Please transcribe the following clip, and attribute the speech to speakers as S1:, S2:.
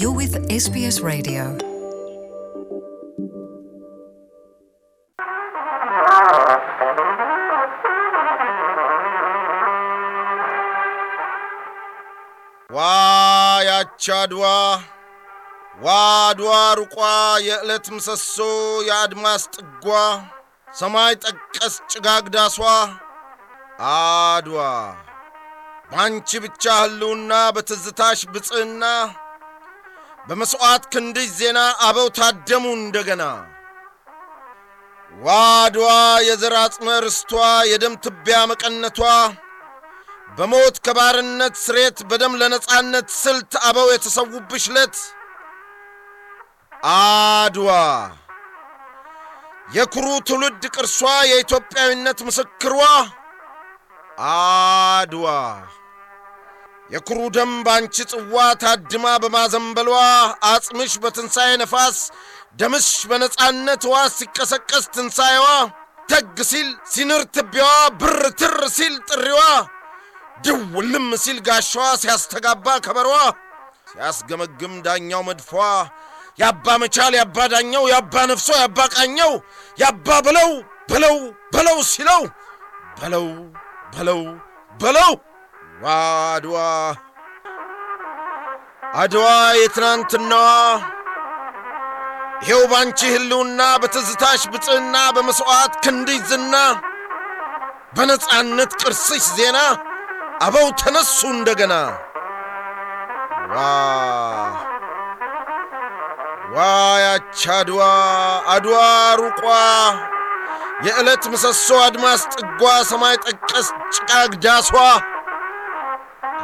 S1: You're with SBS Radio. ዋያች አድዋ! ዋድዋ አድዋ ሩቋ የዕለት ምሰሶ የአድማስ ጥጓ ሰማይ ጠቀስ ጭጋግ ዳሷ አድዋ! ባንቺ ብቻ ህልውና በትዝታሽ ብፅዕና በመሥዋዕት ክንድሽ ዜና አበው ታደሙ እንደገና ዋድዋ የዘር አጽመ ርስቷ የደም ትቢያ መቀነቷ በሞት ከባርነት ስሬት በደም ለነጻነት ስልት አበው የተሰዉብሽ ለት አድዋ የኩሩ ትውልድ ቅርሷ የኢትዮጵያዊነት ምስክሯ አድዋ የኩሩ ደም ባንቺ ጽዋ ታድማ በማዘንበሏ አጽምሽ በትንሣኤ ነፋስ ደምሽ በነጻነት ዋ ሲቀሰቀስ ትንሣኤዋ ተግ ሲል ሲንር ትቢያዋ ብር ትር ሲል ጥሪዋ ድውልም ሲል ጋሻዋ ሲያስተጋባ ከበሯ ሲያስገመግም ዳኛው መድፏ ያባ መቻል ያባ ዳኛው ያባ ነፍሶ ያባ ቃኘው ያባ በለው በለው በለው ሲለው በለው በለው በለው አድዋ አድዋ የትናንትናዋ ይኸው ባንቺ ህልውና በትዝታሽ ብፅዕና በመሥዋዕት ክንድሽ ዝና በነፃነት ቅርስሽ ዜና አበው ተነሱ እንደገና ዋ ዋ ያች አድዋ አድዋ ሩቋ የዕለት ምሰሶ አድማስ ጥጓ ሰማይ ጠቀስ ጭቃግ ዳሷ